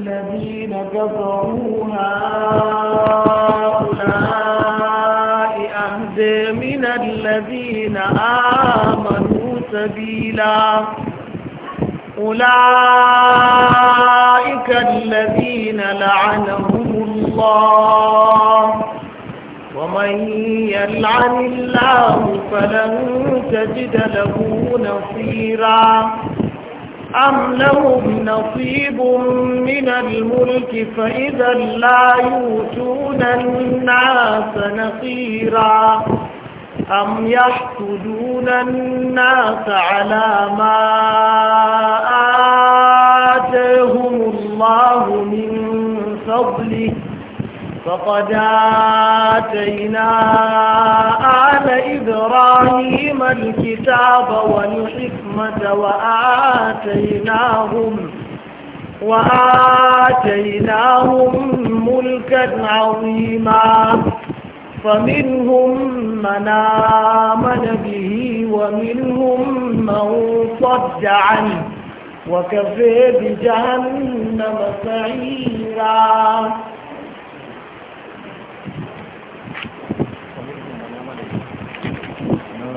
الذين كفروا هؤلاء أهدى من الذين آمنوا سبيلا أولئك الذين لعنهم الله ومن يلعن الله فلن تجد له نصيرا أم لهم نصيب من الملك فإذا لا يؤتون الناس نصيرا أم يحسدون الناس على ما آتاهم الله من فضله فقد آتينا آل إبراهيم الكتاب والحكمة وآتيناهم وآتيناهم ملكا عظيما فمنهم من آمن به ومنهم من صد عنه وكفى بجهنم سعيرا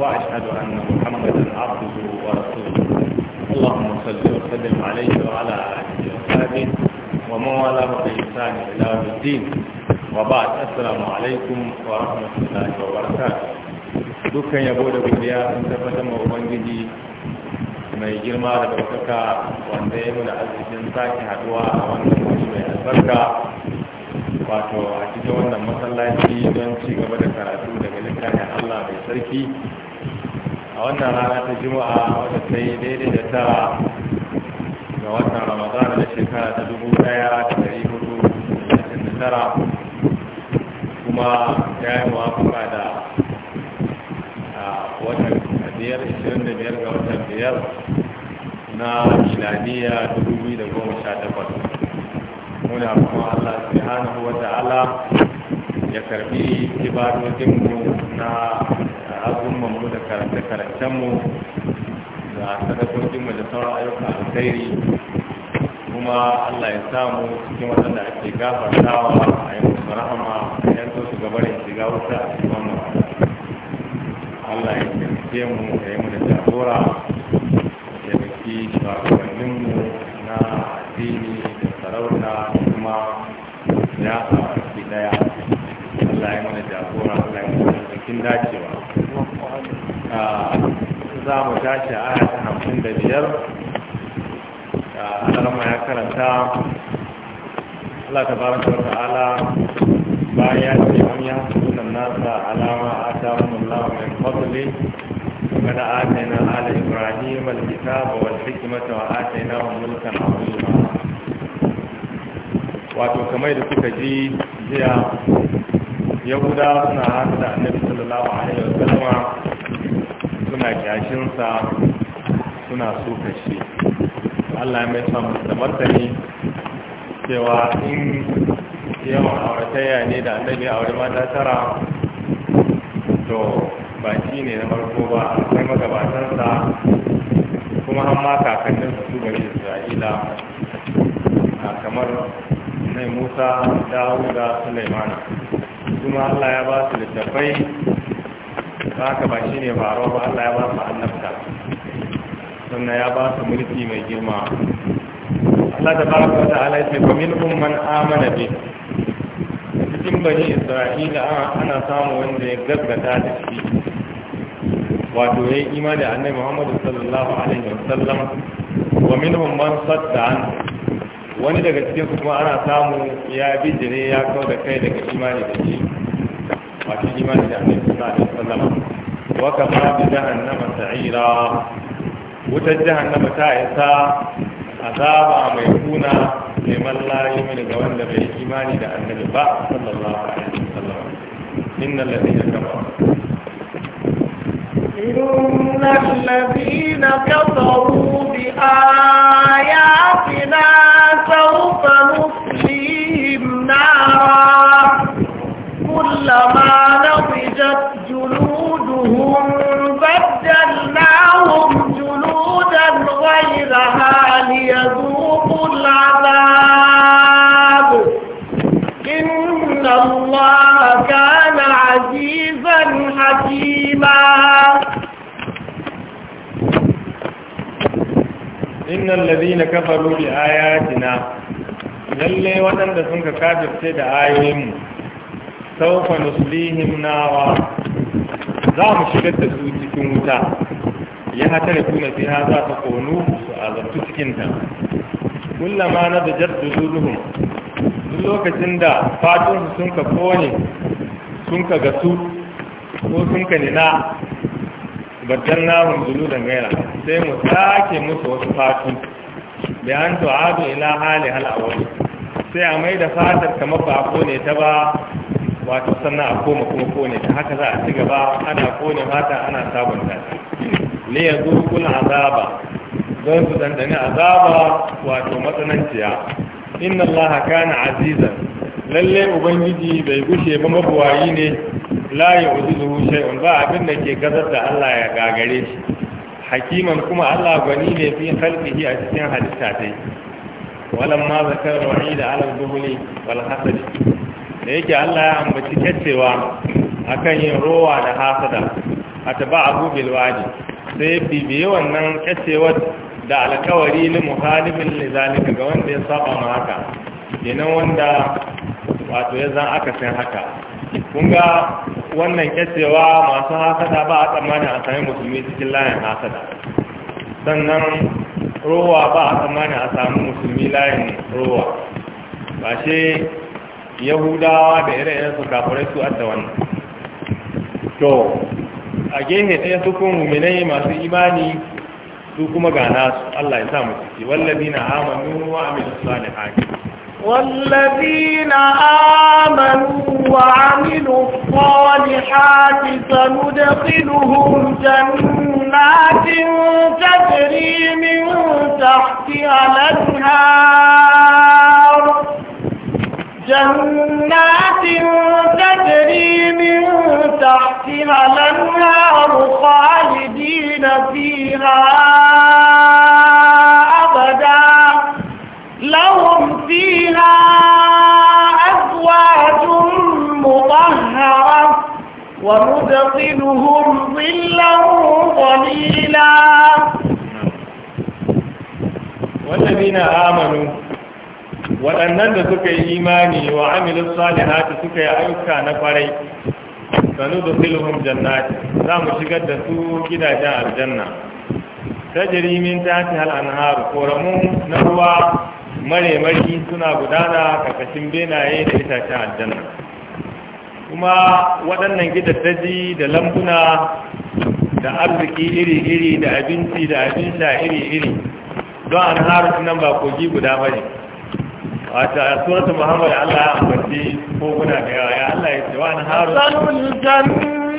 وأشهد أن محمدا عبده ورسوله اللهم صل وسلم عليه وعلى آله وصحبه ومن بإحسان إلى يوم الدين وبعد السلام عليكم ورحمة الله وبركاته dukkan yabo da godiya sun tabbatar ma ubangiji mai girma da ɗaukaka wanda ya muna arzikin sake haɗuwa a wannan mai albarka wato a cikin wannan masallaci don ci gaba da karatu daga littafin Allah mai sarki a wannan rana ta juma'a wadda ta yi daidai da tara ga watan ramadana da shekara ta dubu daya da dari hudu da tara kuma ya yi mawafaka da watan biyar ishirin da biyar ga watan biyar na miladiya dubu biyu da goma sha takwas muna kuma allah subhanahu wa ta'ala ya karbi ibadodinmu na abubuwan mu da karance-karancen mu da sadakokin mu da sauran ayyukan alkhairi kuma Allah ya samu cikin waɗanda ake gafartawa a yi musu rahama a yanzu su gabarin shiga wuta a cikin wannan Allah ya taimake mu ya yi mu da jagora ya taimaki shugabannin mu na addini da sarauta kuma ya a daya Allah ya yi da jagora Allah ya mana jikin dacewa za mu tashi a hamsin da biyar Alama ya karanta Allah ta baraka wa ta'ala bayan ya ce an yi hasunan nasa alama a samun Allah mai fadli وقد آتينا آل إبراهيم الكتاب والحكمة وآتيناهم ملكا عظيما wato kamar da kuka ji jiya yahuda suna hannu da annabi sallallahu alaihi wasallama suna kyashinsa suna suka shi allah mai samun da martani cewa in yawan auratayya ne da annabi aure mata tara to ba shi ne na farko ba akwai magabatansa kuma an ma kakannin su bari isra'ila kamar mai musa wuga sulaimana kuma allah ya ba su littafai ba haka ba shi ne faruwa ba Allah ya ba su annabta sannan ya ba su mulki mai girma Allah ta baraka wa ta'ala ya ce fa minhum man amana bi cikin bani Isra'ila ana samu wanda ya gaggata da shi wato yayi imani da Annabi Muhammad sallallahu alaihi wasallam wa minhum man sadda an wani daga cikin su kuma ana samu ya bi bijire ya kau da kai daga imani da shi wato imani da Annabi sallallahu alaihi wasallam وكفى بجهنم سعيرا وتجهنم تائسا عذاب ما يكون لمن لا يؤمن جوان بالايمان الى ان الباء صلى الله عليه وسلم إن الذين كفروا إن الذين كفروا بآياتنا innal ladina kafaru bi ayatina lalle waɗanda sun ka kafirce da ayoyinmu sawfa nuslihim nawa za mu shigar da su cikin wuta ya hata da tuna fiha za ta konu su azabtu cikinta kullama na da jar zuruhum duk lokacin da fatun sun ka kone sun ka gasu ko sun ka nina baddan namun zulu da gaira sai mu sake musu wasu fatun da an tu'adu ila hali halawar sai a mai da fatar kamar ba a kone ta ba wato sannan a koma kuma kone ta haka za a ci gaba ana kone fata ana sabunta ta ne ya zo azaba don su dandane azaba wato matsananciya inna allaha kana azizan lalle ubangiji bai gushe ba mabuwayi ne la ya uzu shay'un ba abin da ke gazar da Allah ya gagare shi hakiman kuma Allah gwani ne fi khalqihi a cikin halitta dai walan ma zakar wa'i da alal duhuli wal hasad da yake Allah ya ambaci kacewa akan yin rowa da hasada ataba abu bil wadi sai bibiye wannan kacewar da alkawari li muhalibin li zalika ga wanda ya saba ma haka kenan wanda wato ya zan aka san haka kun wannan kyacewa masu hasada ba a tsammani a sami musulmi cikin layin hasada sannan rowa ba a tsammani a sami musulmi layin rowa ba shi yahudawa da irin iren su kafirai su adda wannan to a gehe ɗaya su kun muminai masu imani su kuma gana su Allah ya sa mu ciki wallazi na amanu wa amilu haƙi. والذين آمنوا وعملوا الصالحات سندخلهم جنات تجري من تحتها الأنهار جنات تجري من تحتها الأنهار خالدين فيها لهم فيها أزواج مطهرة وندخلهم ظلا ظليلا والذين آمنوا وأنند سكي إيماني وعملوا الصالحات سكي أيكا نفري سندخلهم جنات سام نعم، شكد سوك إذا جاء الجنة تجري من تحتها الأنهار كورمون نروى mare suna gudana ƙarƙashin benaye da itacen aljanna kuma waɗannan gidaddaji da lambuna da arziki iri-iri da abinci da abin iri-iri don an haru nan ba kogi guda ba ne a suratu muhammadu allah ya ambaci koguna da yawa ya allah ya ce wa an haru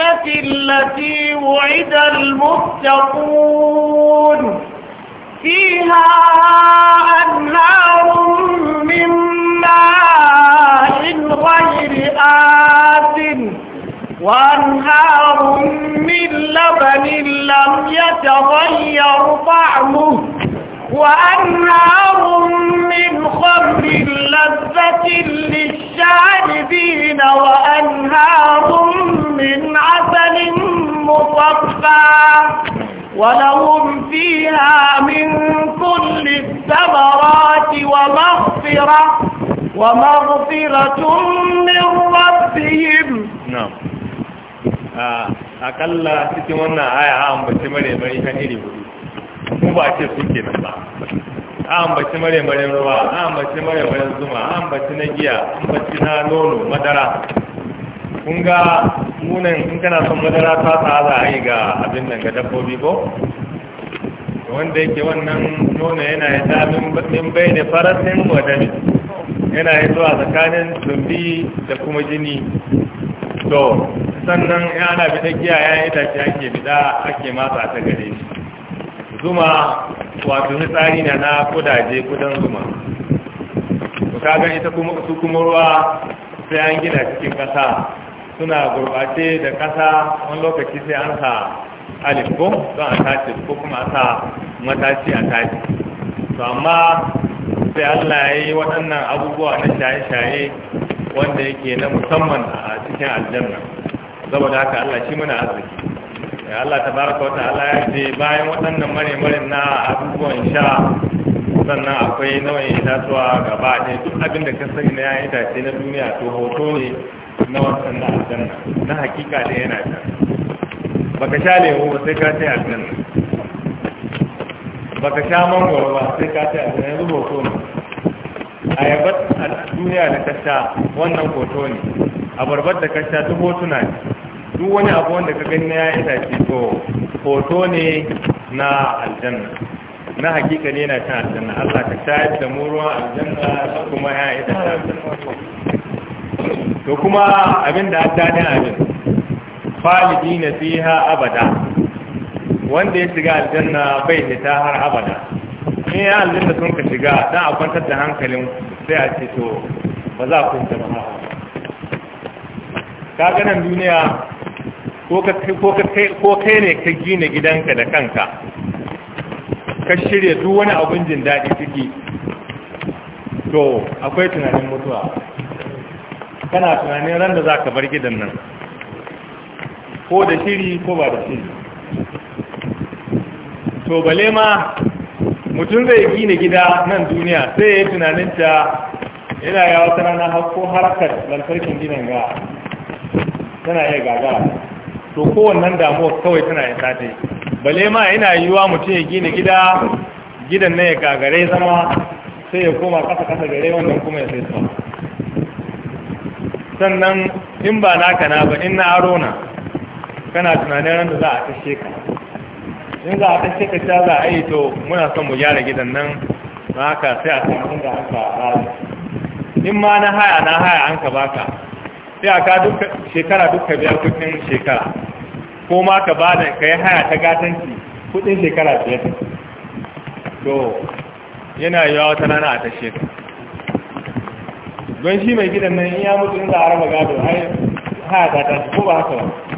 التي وعد المتقون فيها أنهار سيئات وأنهار من لبن لم يتغير طعمه وأنهار من خمر لذة للشاربين وأنهار من عسل مصفى ولهم فيها من كل الثمرات ومغفرة ومغفرة من ربهم نعم akalla cikin wannan aya a ambaci maremari kan iri hudu mu ba ce su nan ba a ambaci maremarin ruwa a ambaci maremarin zuma a ambaci na giya ambaci na nono madara kun ga in son madara ta sa za a ga dabbobi ko wanda yake wannan nono yana ya damin batsin bai da farasin wadani yana ya zuwa tsakanin zumbi da kuma jini to sannan bi ta giya ya yi tafi ake bida ake masa ta gare shi zuma wato fitsari na na kudaje kudan zuma gani ita kuma su kuma ruwa sai an gina cikin kasa suna gurbace da kasa wani lokaci sai an sa alif ko don a tashi ko kuma a sa matashi a tashi to amma sai Allah ya yi waɗannan abubuwa na shaye-shaye wanda yake na musamman a cikin aljanna saboda haka Allah shi muna arziki Allah ta baraka wata Allah ya ce bayan waɗannan maremarin na abubuwan sha sannan akwai nawa ya tasowa gaba ne duk abin da ka sani na yayin itace na duniya to hoto ne na wasan na aljanna na hakika da yana can baka sha lemu ba sai ka ce aljanna baka sha mangoro ba sai ka ce aljanna yanzu ko ne ayabar a duniya da ka sha wannan hoto ne abarbar da ka sha duk hotuna ne duk wani abu wanda ka gani na ya itace to hoto ne na aljanna na hakika ne na cin aljanna Allah ka sha yadda mu ruwan aljanna kuma ya itace aljanna to kuma abin da an dadin abin khalidina fiha abada wanda ya shiga aljanna bai fita har abada in ya aljanna sun ka shiga dan a kwantar da hankalin sai a ce to ba za ku ta ba ka ga nan duniya ko kai ne ka gina gidanka da kanka ka shirya duk wani abin jin daɗi ciki to akwai tunanin mutuwa kana tunanin ran da za ka bar gidan nan ko da shiri ko ba da shiri to bale ma mutum zai gina gida nan duniya sai ya tunanin ta yana yawa wata rana hakko harkar lantarkin ginin ga tana iya gagara to kowannan damuwa kawai tana ya sata bale ma yana yiwuwa mutum ya gina gida gidan na ya gagare zama sai ya koma kasa kasa gare wannan kuma ya sai sama sannan in ba naka na ba in na aro na kana tunanin ran da za a tashe ka in za a tashe ka ta za a yi to muna son mu gyara gidan nan na haka sai a samu inda an ka rana in ma na haya na haya an ka baka sai a ka duka shekara duka biya kudin shekara ko ma ka ba da ka yi haya ta gatanci kudin shekara biyar to yana yiwa wata rana a tashe ka don shi mai gidan nan in ya mutu inda a raba gado haya ta tashi ko ba haka ba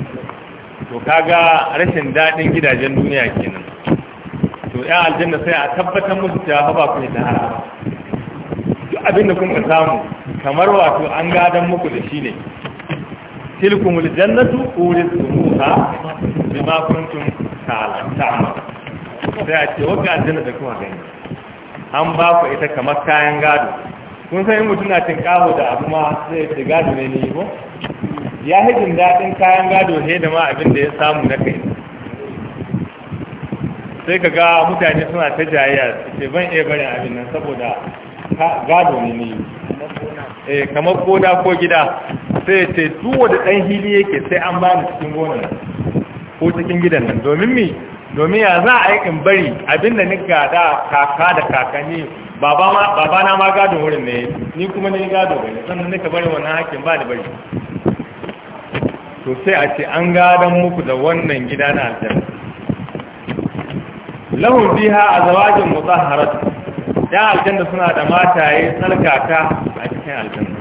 to kaga rashin daɗin gidajen duniya kenan to ya aljanna sai a tabbatar musu cewa ba ku yi tahara duk abin da kun samu kamar wato an gadan muku da shi ne tilkum aljannatu urithtumuha bima kuntum ta'lamun sai a ce wata aljanna da kuma gani an ba ku ita kamar kayan gado kun san in mutum na tinkaho da abu ma sai ce gado ne ne ko ya yi jin daɗin kayan gado he da ma abin da ya samu na kai sai ka ga mutane suna ta jayayya su ce ban iya barin abin nan saboda gado ne ne eh kamar koda ko gida sai ce tuwo da ɗan hili yake sai an ba ni cikin gonar ko cikin gidan nan domin mi domin ya za a yi in bari abin da ni gada kaka da kakanni baba na ma gado wurin ne ni kuma ni gado bane sannan nika bari wannan hakin ba ni bari to sai a ce an gadon muku da wannan gida na aljanna lahun biha a zawajin mutsaharatu ya aljanna suna da mataye tsarkaka a cikin aljanna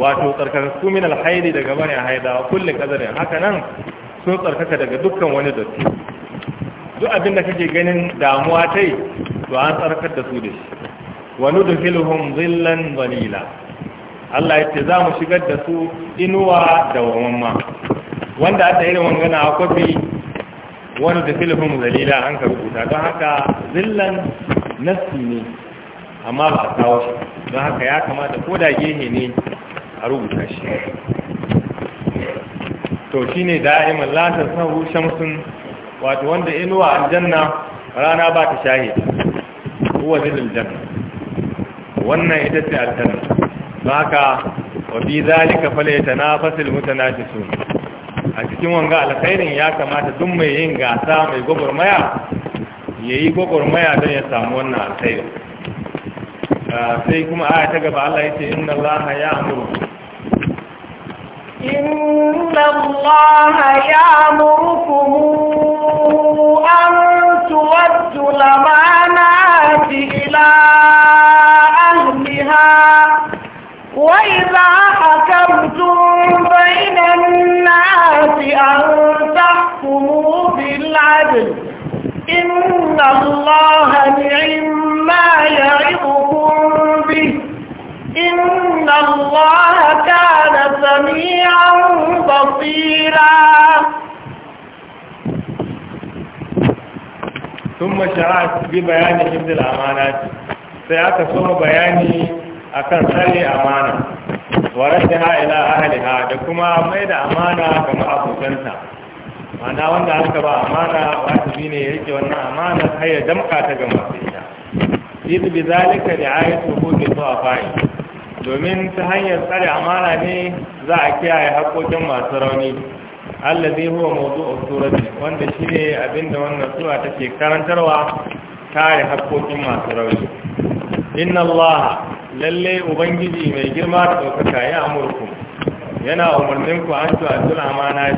wato tsarkakakku min alhaidi daga bane haidawa kullum kazarin haka nan sun tsarkaka daga dukkan wani dotti duk abin da kake ganin damuwa ta yi to an tsarkar da su da shi wani dukilhun zillan vanila Allah ya ce za mu shigar da su inuwa da wamamma wanda aka irin wangana a kwafi wani da filifin zalila an ka rubuta don haka zillan nassi ne amma ba a kawo shi don haka ya kamata ko da gehe ne a rubuta shi to shi ne da'iman latar sahu shamsun wato wanda inuwa aljanna rana ba ta shahi kuwa zillin janna wannan ita ce aljanna don haka wa bi zalika fale ta na fasil mutana suna a cikin wanga alkhairin ya kamata duk mai yin gasa mai gwagwarmaya ya yi gwagwarmaya don ya samu wannan alkhairin ah, sai kuma aya ta gaba Allah ya ce inna Allah ya amuru inna Allah ya kuma an tuwaddu lamana أن تحكموا بالعدل إن الله نعم ما يعظكم به إن الله كان سميعا بصيرا ثم شرعت ببيان حفظ الأمانات سيأتي بياني akan tsare amana wa haila a ahliha da kuma mai da amana ga abokanta mana wanda aka ba amana wajibi ne ya rike wannan amana har ya damka ta ga masu ita yadda bi zalika da ayatu hukunci zuwa fa'i domin ta hanyar tsare amana ne za a kiyaye haƙoƙin masu rauni allazi huwa a surati wanda shine abinda wannan sura take karantarwa kare haƙoƙin masu rauni inna allaha lalle ubangiji mai girma da ɗaukaka ya amurku yana umarnin ku an tuwa tun amana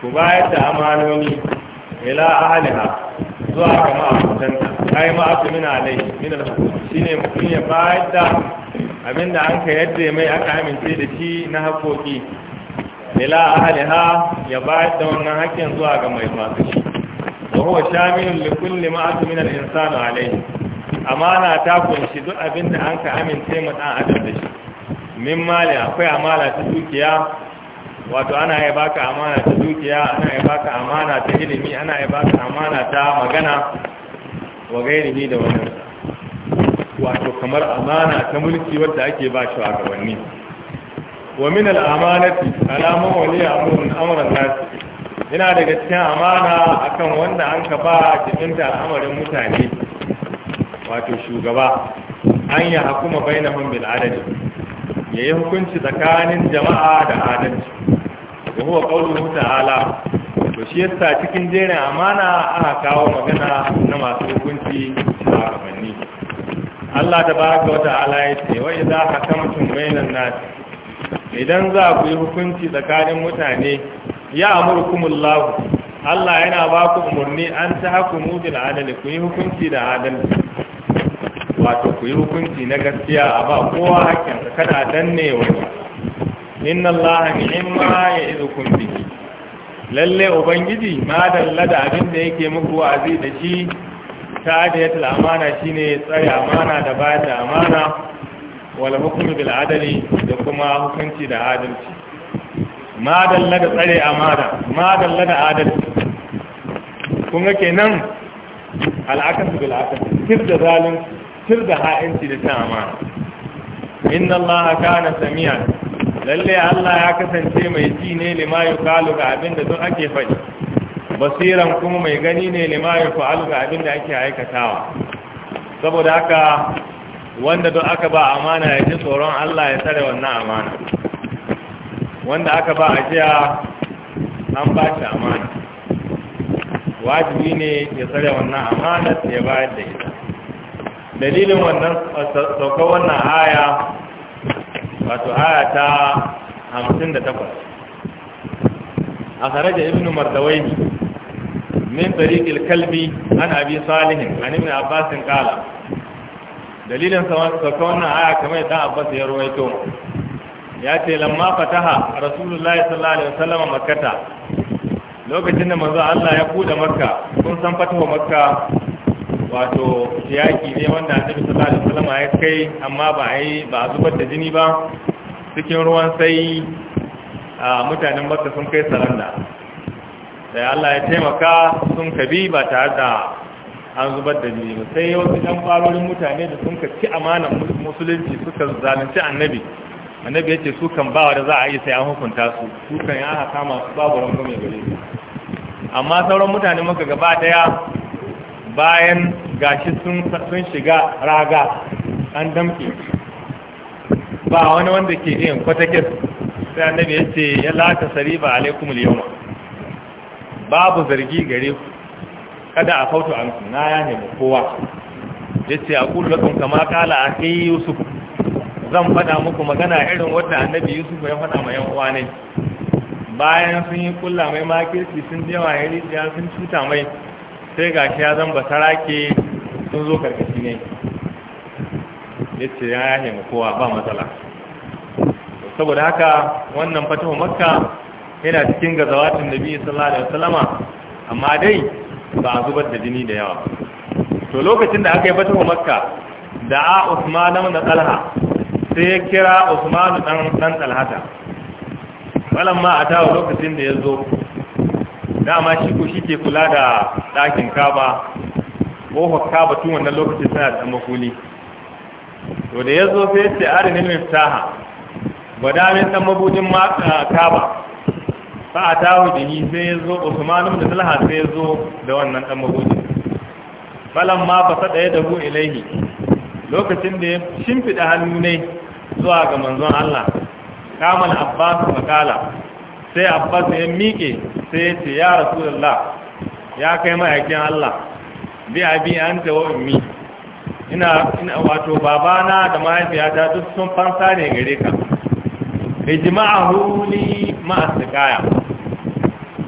ku bayar da amanoni ila ahaliha zuwa ga ma'abutanta ai ma'abu min alai min shi ne mutum ya bayar da abin da an ka yadda mai aka amince da shi na haƙoƙi ila ahaliha ya bayar da wannan haƙƙin zuwa ga mai masu shi wa huwa shamilun li kulli ma'abu alai amana ta kunshi duk abin da an ka amince mu dan adam da shi min mali akwai amana ta dukiya wato ana ya baka amana ta dukiya ana ya baka amana ta ilimi ana ya baka amana ta magana wa gairihi da wannan wato kamar amana ta mulki wadda ake ba shi a gabanni wa min al'amanati alamun wali amrun amuran nasi Ina daga cikin amana akan wanda an ka ba cikin da al'amarin mutane wato shugaba an yi hakuma bainahum bil ya yi hukunci tsakanin jama'a da adalci wa huwa qawlu ta'ala to shi yasa cikin jerin amana ana kawo magana na masu hukunci a gabanni Allah tabaraka wa ta'ala ya ce wa idza hakamtum bainan nas idan za ku yi hukunci tsakanin mutane ya amurkumullah Allah yana ba ku umarni an ta haku bil adali ku yi hukunci da adalci wato ku yi hukunci na gaskiya a ba kowa hakkinsa kada danne wa inna Allah ni'imma ya izukum biki. lalle ubangiji ma dalla da abin da yake muku wa'azi da shi ta da ya amana shine tsare amana da bayar da amana wal hukmi bil adali da kuma hukunci da adalci ma dalla da tsare amana ma dalla da adalci kun ga kenan al'akas bil akas kif da zalunci fitar da ha'inci da ta amana inna allaha kana sami'an lalle Allah ya kasance mai ji ne lima kalu ga abin da duk ake faɗi basiran kuma mai gani ne lima fa'alu ga abin da ake aikatawa saboda haka wanda duk aka ba amana ya ji tsoron Allah ya tsare wannan amana wanda aka ba a jiya an ba shi amana wajibi ne ya tsare wannan amana ya bayar da ita dalilin wannan sauka wannan aya wato aya ta hamsin da takwas a kharaja ibn mardawaini min tariqil kalbi an abi salih an ibn abbas qala dalilin sauka wannan aya kamar da abbas ya ruwaito ya ce lamma fataha rasulullahi sallallahu alaihi wasallam makkata lokacin da manzo Allah ya kuda makka kun san fatawa makka wato yaki ne wanda annabi sallallahu alaihi wasallam ya kai amma ba ai ba zubar da jini ba cikin ruwan sai mutanen Makka sun kai saranda da Allah ya taimaka sun kabi ba tare da an zubar da jini ba sai wasu dan farorin mutane da sun ci amanan musulunci suka zalunci annabi annabi yace su kan ba wanda za a yi sai an hukunta su su kan ya haka ma babu rangwame mai gare amma sauran mutane Makka gaba daya bayan gashi sun shiga raga an damke ba wani wanda ke yin kwatakin sai annabi ya ce ya lata ba alaikum liyoma babu zargi gare ku kada a fautu an na ya nemi kowa a aqulu kan kama Kala a kai yusuf zan fada muku magana irin wanda annabi yusuf ya fada ma yan uwa ne bayan sun yi kula mai makirci sun jewa ya rijiya sun cuta mai sai ga shi ya zan basarake sun zo karkashi ne ya ce ya yahe mu kowa ba matsala saboda haka wannan fatahu makka yana cikin gazawatin biyu sallallahu alaihi wasallama amma dai ba a zubar da jini da yawa to lokacin da aka yi fatahu makka da a usman na talha sai ya kira usman dan dan talhata a tawo lokacin da ya zo dama shi ko shi ke kula da ɗakin kaba ƙofar kaba tun wannan lokaci suna da makuli to da ya zo sai ya ce arinin Ba da min ɗan mabudin kaba fa a tawo ni sai ya zo usmanu da talha sai ya zo da wannan ɗan mabudin Balan ma ba saɗa ya dabu ilaihi lokacin da ya shimfiɗa hannu ne zuwa ga manzon Allah kamal abbas makala sai abbas ya miƙe sai ya ce ya rasulullah ya kai ma'aikin allah bi abi an ta wa ummi ina wato babana da mahaifiyata duk sun fansa ne gare ka ijma'ahu li ma'asqaya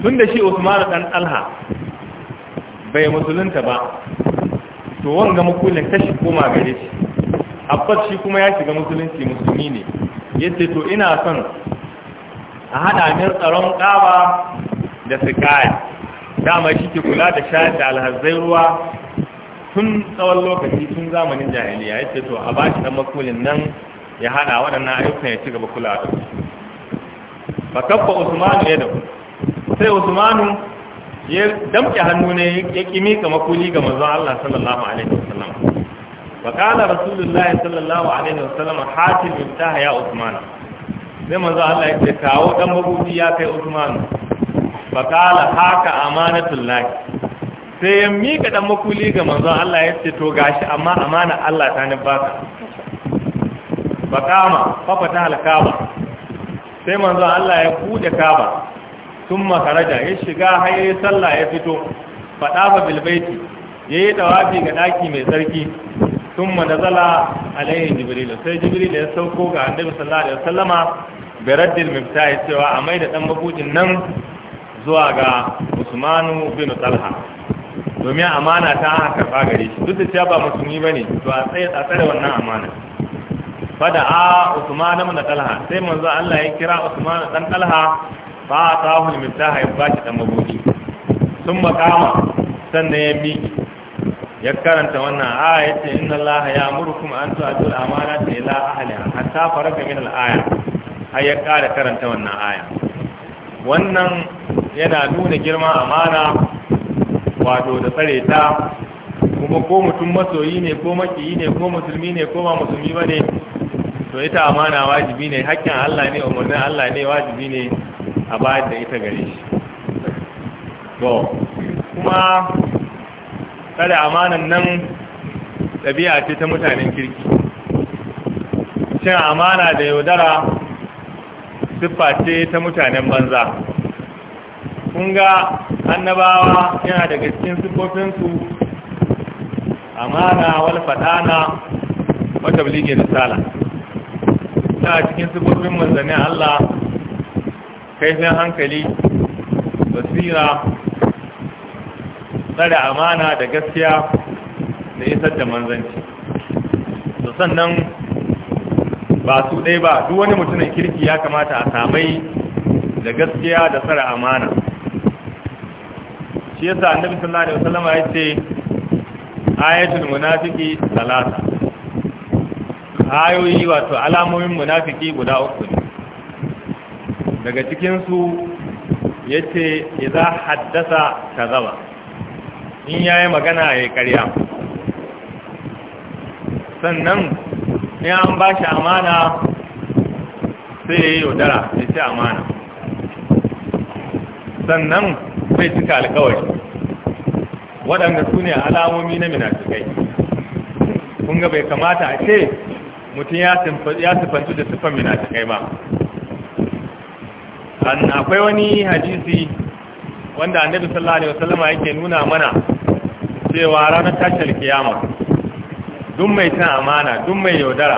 tunda shi Usman dan Alha, bai musulunta ba to wanga makullin kashi koma gare shi Abbas shi kuma ya shiga musulunci musulmi ne yace to ina son a hada min tsaron kaba da sikaya dama shi ke kula da shayar da alhazai ruwa tun tsawon lokaci tun zamanin jahiliya ya ce to a ba shi dan makulin nan ya hada waɗannan ayyukan ya ci gaba kula da ba kafa usmanu ya dafu sai usmanu ya damke hannu ne ya kimi ga makuli ga manzon Allah sallallahu alaihi wasallam wa kana rasulullahi sallallahu alaihi wasallam hatim ibtaha ya usmanu sai manzo Allah ya ce kawo dan mabuci ya kai Usman fa kala haka amanatul lahi sai ya mika dan makuli ga manzo Allah ya ce to gashi amma amana Allah ta ni baka fa kama fa fata sai manzo Allah ya kuje kaba tun kharaja ya shiga har ya sallah ya fito fa dafa yayi tawafi ga daki mai sarki. thumma nazala alaihi jibril sai jibril ya sauko ga annabi sallallahu alaihi wasallama bi raddil miftah cewa a mai da dan mabudin nan zuwa ga usmanu bin talha domin amana ta aka karba gare shi duk da cewa ba musulmi bane to a tsaye a tsare wannan amana fada a usmanu bin talha sai manzo Allah ya kira usmanu dan talha fa ta hul miftah ya bashi dan mabudi sun makama sannan ya miki ya karanta wannan aya yace inna ya murkum an tu'addu amana amanati ila ahli hatta faraka min al-aya ai ya kara karanta wannan aya wannan yana nuna girma amana wato da tsare ta kuma ko mutum masoyi ne ko makiyi ne ko musulmi ne ko ba musulmi ba ne to ita amana wajibi ne hakkin Allah ne umarnin Allah ne wajibi ne a bayar da ita gare shi to kuma Kada amanan nan ɗabi'a ce ta mutanen kirki cin amana da yaudara siffa ce ta mutanen banza kun ga annabawa yana daga cikin siffofinsu amana wani fadana wata bilige sala. ta cikin siffofin manzannin Allah kaifin hankali basira tsare amana da gaskiya da isar da manzanci to sannan ba su ɗai ba duk wani mutumin kirki ya kamata a samai da gaskiya da tsare amana shi yasa annabi sallallahu alaihi wasallam ya ce ayatul munafiki salasa ayoyi wato alamomin munafiki guda uku ne daga cikin su yace idza haddasa zaba. in ya yi magana ya yi karya sannan in an ba shi amana sai ya yi yaudara ya ce amana sannan sai cika alkawari waɗanda su ne alamomi na minafikai kun ga bai kamata a ce mutum ya sifantu da sifan minafikai ba akwai wani hadisi wanda annabi sallallahu alaihi wasallama yake nuna mana cewa ranar tashar kiyama duk mai cin amana duk mai yaudara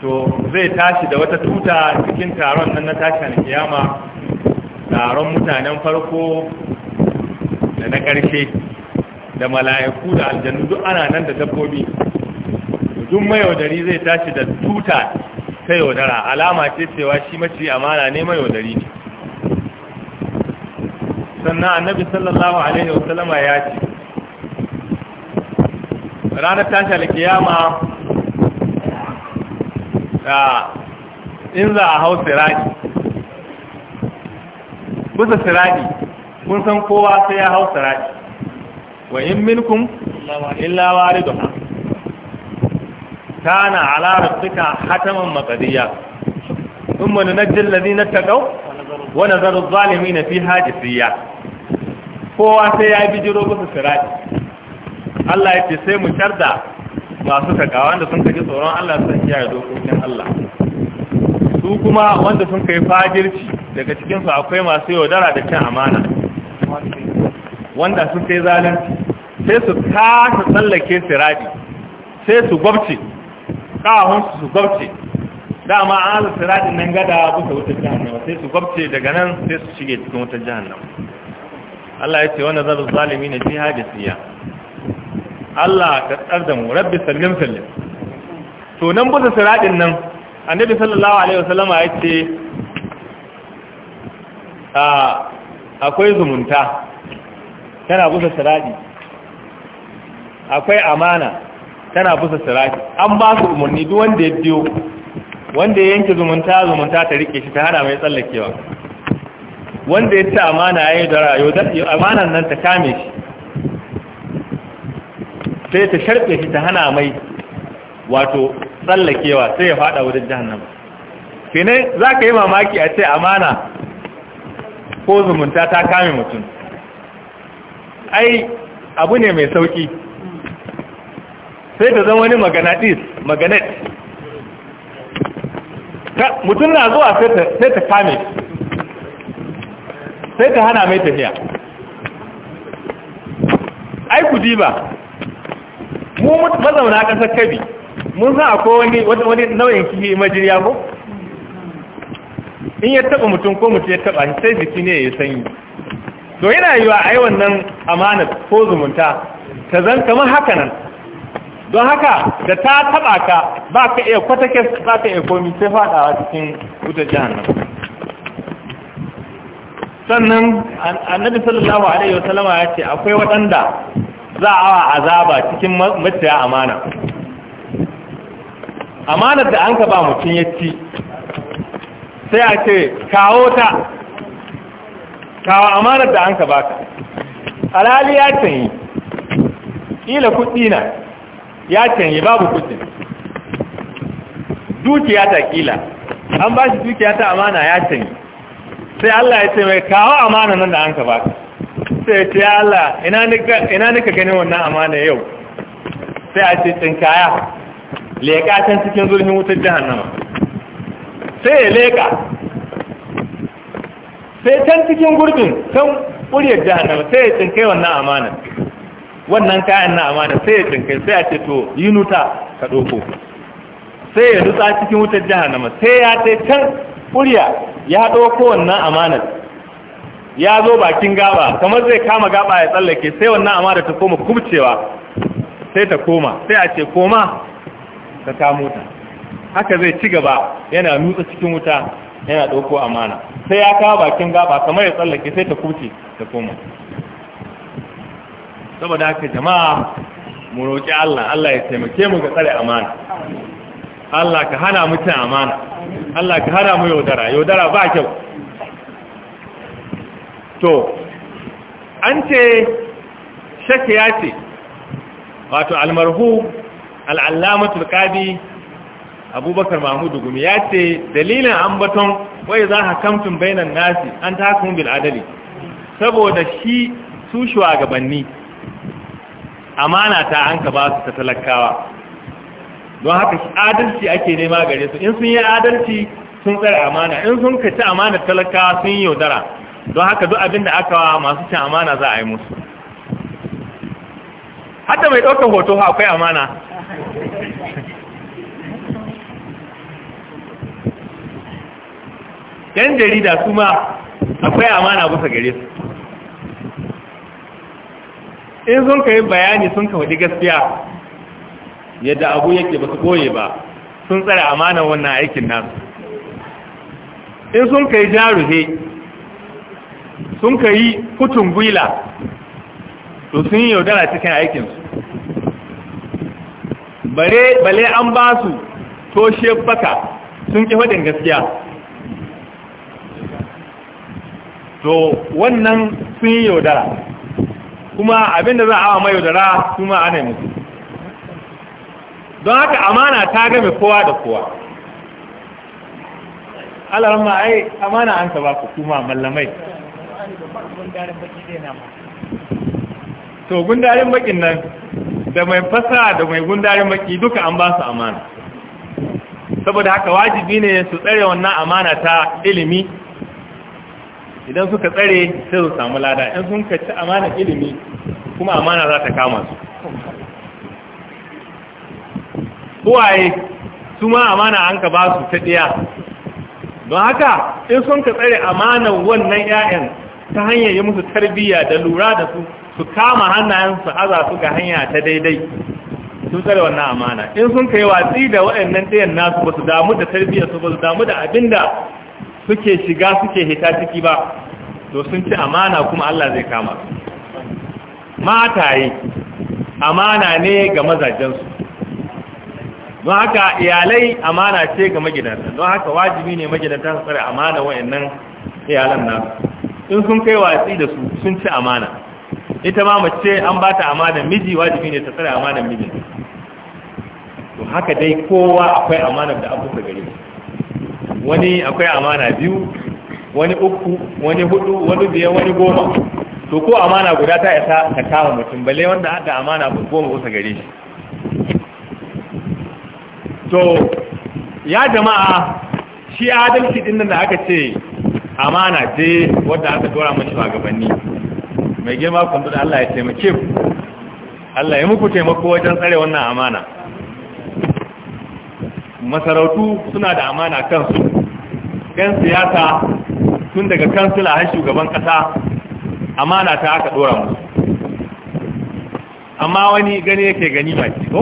to zai tashi da wata tuta cikin taron nan na tashar kiyama taron mutanen farko da na ƙarshe da mala'iku da aljannu duk ana nan da dabbobi duk mai yaudari zai tashi da tuta ta yaudara alama ce cewa shi mace amana ne mai yaudari ne sannan annabi sallallahu alaihi wa wasallama ya ce ranar tashi alkiyama in za a hau siradi bisa siradi kun san kowa sai ya hau siradi wa in minkum illa wariduha kana ala rabbika hataman maqdiya thumma nunajjil ladina taqaw wa nadharu adh-dhalimin fiha jithiya kowa sai ya bijiro musu sirati Allah ya ce sai mu tarda masu takawa wanda sun kaji tsoron Allah sun kiyaye dokokin Allah su kuma wanda sun kai fajirci daga cikin su akwai masu yaudara da cin amana wanda sun kai zalunci sai su kasa tsallake sirati sai su gwabce kawahunsu su gwabce dama an haza siratin nan gada buka wutar jihannama sai su gwabce daga nan sai su shige cikin wutar jihannama Allah ya ce wani zarar zalimi ne fiha da siya Allah ka tsar da mu rabbi sallim sallim to nan busa siraɗin nan annabi sallallahu alaihi wasallama ya ce akwai zumunta tana busa siraɗi akwai amana tana busa siraɗi an ba su umarni duk wanda ya biyo wanda ya yanke zumunta zumunta ta rike shi ta hana mai tsallakewa wanda ya ci amana ya yi da rayo amanan nan ta kame shi sai ta sharfe shi ta hana mai wato tsallakewa sai ya fada wajen jahannama kene za ka yi mamaki a ce amana ko zumunta ta kame mutum ai abu ne mai sauki sai ta zama wani maganatis maganet mutum na zuwa sai ta kame shi sai ka hana mai tafiya ai ku diba mu mazauna ƙasar kabi mun san akwai wani wani nau'in kihi majiriya ko in ya taɓa mutum ko mutum ya taɓa, sai jiki ne ya sanyi to yana a ai wannan amana ko zumunta ta zan kamar haka nan don haka da ta taɓa ka ba ka iya kwatake ba ka iya komi sai faɗawa cikin wutar nan sannan annabi sallallahu alaihi wasallama ya ce akwai waɗanda za a wa azaba cikin maciya amana amanar da an ka ba mutum ya ci sai a ce kawo ta kawo amanar da an ka ba ka alhali ya canyi ƙila kuɗi na ya canyi babu kuɗi dukiya ta ƙila an ba shi dukiya ta amana ya canyi sai Allah ya ce mai kawo amana nan da an ka ka sai ce Allah ina nika ganin wannan amana yau sai a ce tsinkaya leka can cikin zurfin wutar jihannama sai ya leƙa sai can cikin gurbin kan ƙuryar jihannama sai ya tsinkai wannan amana wannan kayan na amana sai ya tsinkai sai a ce to yi nuta ka ɗoko sai ya nutsa cikin wutar jihannama sai ya ce can ƙurya ya ɗauko wannan amanar ya zo bakin gaba kamar zai kama gaba ya tsallake sai wannan amana ta koma kubcewa sai ta koma sai a ce koma ta kamo ta haka zai ci gaba yana nutsa cikin wuta yana ɗauko amana sai ya kama bakin gaba kamar ya tsallake sai ta kubce ta koma saboda haka jama'a mu roƙi Allah Allah ya taimake mu ga tsare amana Allah ka hana mu amana Allah ka hana mu yaudara yaudara ba kyau to an ce shakki ya ce wato almarhu al'allamatul Kadi abubakar mahmudu gumi ya ce dalilin ambaton wai za kamfin bainan nasi an takun mubil adali saboda shi su shugabanni amana ta an ka ba su ta talakawa don haka adalci ake nema gare su in sun yi adalci sun tsare amana in sun kaci amana talaka sun yi yaudara don haka duk abin da aka wa masu cin amana za a yi musu hatta mai ɗaukar hoto akwai amana yan jarida su ma akwai amana bisa gare su in sun ka yi bayani sun ka faɗi gaskiya yadda abu yake ba su koye ba sun tsara amanar wannan aikin nan. in sun kai jaruhe sun kai kutun gwila to sun yi yaudara cikin aikinsu bale an ba su toshe baka sun ƙi faɗin gaskiya to wannan sun yi yaudara kuma abinda za a awa mai yaudara kuma ana musu don haka amana ta game kowa da kowa alarma ai amana an ka ba ku kuma mallamai to gundarin bakin nan da mai fasa da mai gundarin baki duka an ba su amana saboda haka wajibi ne su tsare wannan amana ta ilimi idan suka tsare sai su samu lada in sun kaci amana ilimi kuma amana za ta kama su uwaye su ma amana an ka ba su ta ɗiya don haka in sun ka tsare amanan wannan 'ya'yan ta hanyar yi musu tarbiyya da lura da su su kama hannayensu aza su ga hanya ta daidai sun tsare wannan amana in sun yi watsi da waɗannan ɗayan nasu ba su damu da tarbiyyar su ba su damu da abin da suke shiga suke hita ciki ba to sun ci amana kuma Allah zai kama su mataye amana ne ga mazajensu don haka iyalai amana ce ga magidanta don haka wajibi ne magidanta su tsare amana wayannan iyalan nan in sun kai watsi da su sun ci amana ita ma mace an ba ta amana miji wajibi ne ta tsare amana miji Don haka dai kowa akwai amana da abu gare wani akwai amana biyu wani uku wani hudu wani biyar wani goma to ko amana guda ta isa ta kama mutum balle wanda hada amana ba goma kusa gare shi to ya jama'a shi adalci din nan da aka ce amana ce wadda aka dora mun shugabanni mai girma kun da Allah ya taimake ku Allah ya muku taimako wajen tsare wannan amana masarautu suna da amana kansu ɗan siyasa tun daga kansila har shugaban ƙasa amana ta aka dora musu amma wani gani yake gani ba ko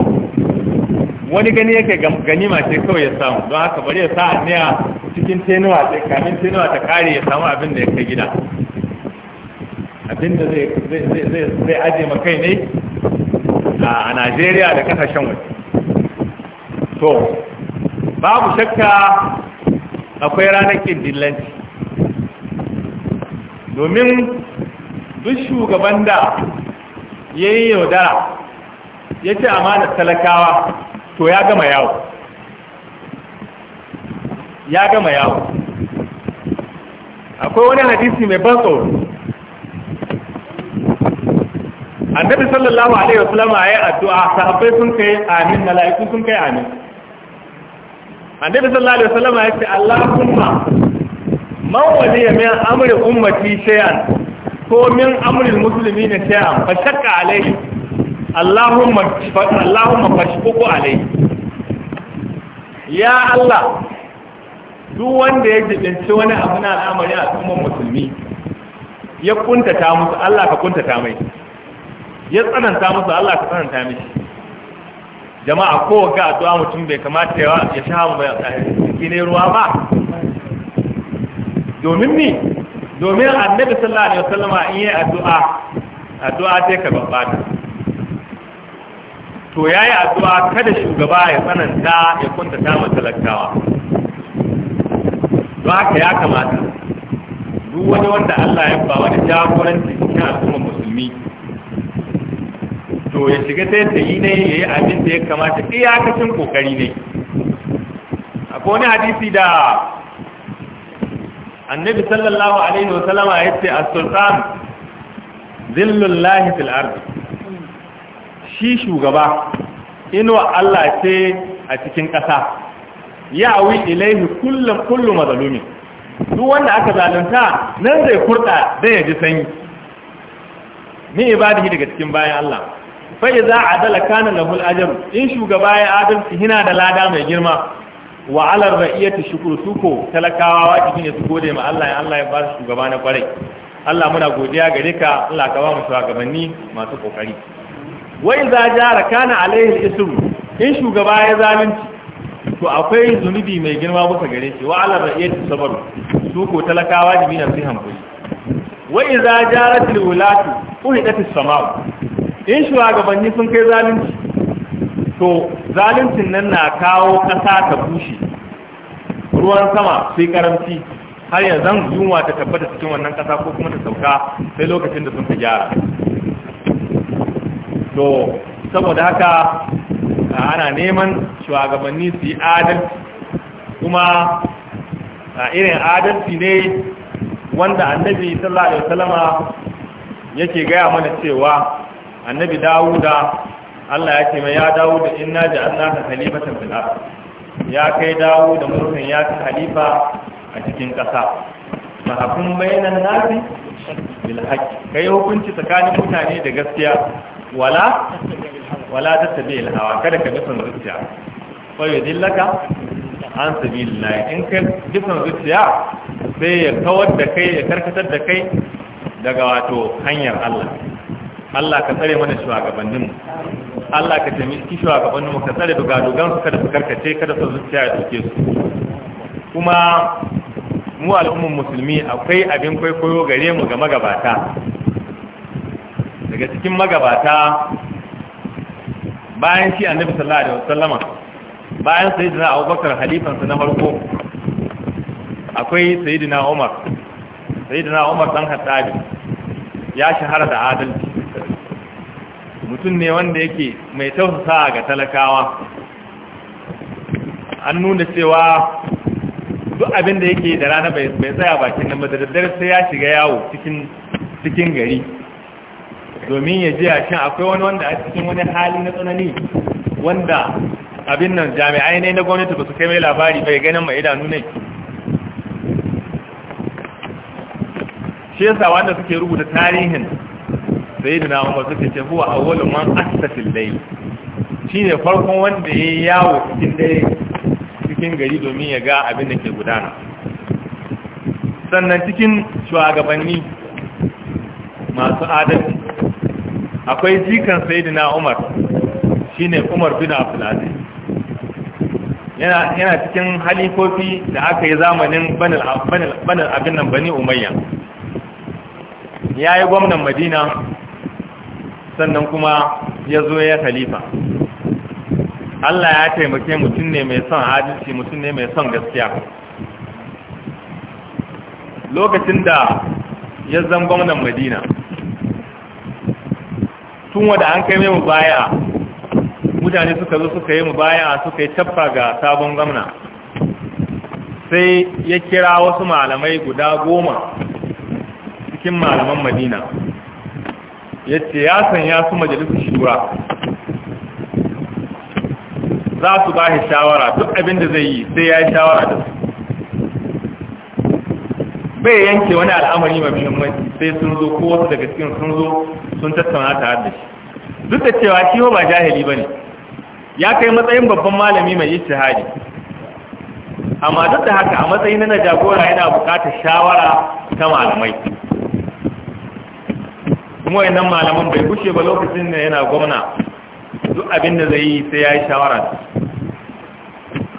wani gani yake ganima ce kawai ya samu don haka bari ya sa anniya cikin tenuwa ce kamin tenuwa ta kare ya samu abin da ya kai gida abin da zai aje ma ne a najeriya da kasashen waje to babu shakka akwai ranar dillanci domin duk shugaban da ya yi yaudara ya ce amanar talakawa to ya gama yawo ya gama yawo akwai wani hadisi mai ban tsoro annabi sallallahu alaihi wasallam ayi addu'a sahabbai sun kai amin mala'iku sun kai amin annabi sallallahu alaihi wasallam ya ce Allahumma man waliya min amri ummati shay'an ko min amri almuslimina shay'an fa shakka alaihi Allahumma Allahumma fashfuku alai ya Allah duk wanda ya jibinci wani abu na al'amari a tsumin musulmi ya kuntata musu Allah ka kuntata mai ya tsananta musu Allah ka tsananta mai. jama'a ko ga addu'a mutum bai kamata ya ya shahamu bai tsaki ne ruwa ba domin ni domin annabi sallallahu alaihi wasallama in yi addu'a addu'a sai ka babbata to ya yi addu'a kada shugaba ya tsananta ya kunta ma talakawa don haka ya kamata duk wani wanda Allah ya ba wani jagoranci cikin al'ummar musulmi to ya shiga ta yi ne ya yi abin da ya kamata iyakacin kokari ne A kone hadisi da annabi sallallahu alaihi wasallama ya ce a sultan zillullahi fil ardi shi shugaba inuwa Allah ce a cikin ƙasa ya wi ilaihi kullum kullum mazalumi duk wanda aka zalunta nan zai kurɗa zai ya ji sanyi ni ibadihi daga cikin bayan Allah fa za adala kana lahul ajr in shugaba ya adalci hina da lada mai girma wa ala ra'iyati shukru suko talakawa wajibi ne su gode ma Allah ya Allah ya ba shugaba na kwarai Allah muna godiya gare ka Allah ka ba mu shugabanni masu kokari za idza jara kana alaihi ism in shugaba ya zalunci to akwai zunubi mai girma bisa gare shi wa ala ra'iyati sabaru su ko talakawa jibi na sai hankali wai za jarat al wulatu uhidat as in shugabanni sun kai zalunci to zaluncin nan na kawo kasa ta bushe ruwan sama sai karamci har yanzu yunwa ta tabbata cikin wannan kasa ko kuma ta sauka sai lokacin da sun ta gyara to saboda haka ana neman shugabanni su yi adalci kuma irin adalci ne wanda annabi sallallahu alaihi wasallama yake gaya mana cewa annabi dawuda Allah ya ce mai ya dawuda inna ja'alnaka khalifatan fil ard ya kai dawuda mulkin ya ka halifa a cikin ƙasa mahakun bayanan nasi bil haqq kai hukunci tsakanin mutane da gaskiya wala wala ta tattabi hawa kada ka bisan zuciya fa dillaka an sabilillah in ka bisan zuciya sai ya kawar da kai ya karkatar da kai daga wato hanyar Allah Allah ka tsare mana shugabanninmu Allah ka taimaki shugabanninmu ka tsare dugadugan su kada su karkace kada su zuciya ya tuke su kuma mu al'ummar musulmi akwai abin kwaikwayo gare mu ga magabata daga cikin magabata bayan shi annabi sallallahu alaihi wasallama bayan sayyidina abubakar halifansa na farko akwai sayyidina umar sayyidina umar dan hattabi ya shahara da adalci mutum ne wanda yake mai tausasa ga talakawa an nuna cewa duk abin da yake da rana bai tsaya bakin nan ba da daddare sai ya shiga yawo cikin gari domin ya ji a akwai wani wanda a cikin wani hali na tsanani wanda abin nan jami'ai ne na gwamnati ba su kai mai labari bai ganin mai idanu ne shi yasa wanda suke rubuta tarihin sai da ba suka ce huwa awwalu man asasin dai, Shi ne farkon wanda ya yi yawo cikin dai cikin gari domin ya ga abin da ke gudana sannan cikin shugabanni masu adalci akwai jikan sayidina umar shine umar bin abdulaziz yana yana cikin halifofi da aka yi zamanin banal abin nan bani umayya ya yi gwamnan madina sannan kuma ya zo ya khalifa Allah ya taimake mutum ne mai son adalci mutum ne mai son gaskiya lokacin da ya zan gwamnan madina tun wada an kai mu baya mutane suka zo suka yi mu baya suka yi tabba ga sabon gwamna sai ya kira wasu malamai guda goma cikin malaman madina ya ce ya sanya su shi shura za su ba shawara duk abin da zai yi sai ya yi shawara da su bai yanke wani al'amari mai muhimmanci sai sun zo ko wasu daga cikin sun zo sun tattauna tare da shi duk da cewa shi ba jahili ba ne ya kai matsayin babban malami mai shahari amma duk da haka a matsayin na jagora yana bukatar shawara ta malamai kuma wayannan malaman bai gushe ba lokacin da yana gwamna duk abin da zai yi sai ya yi shawara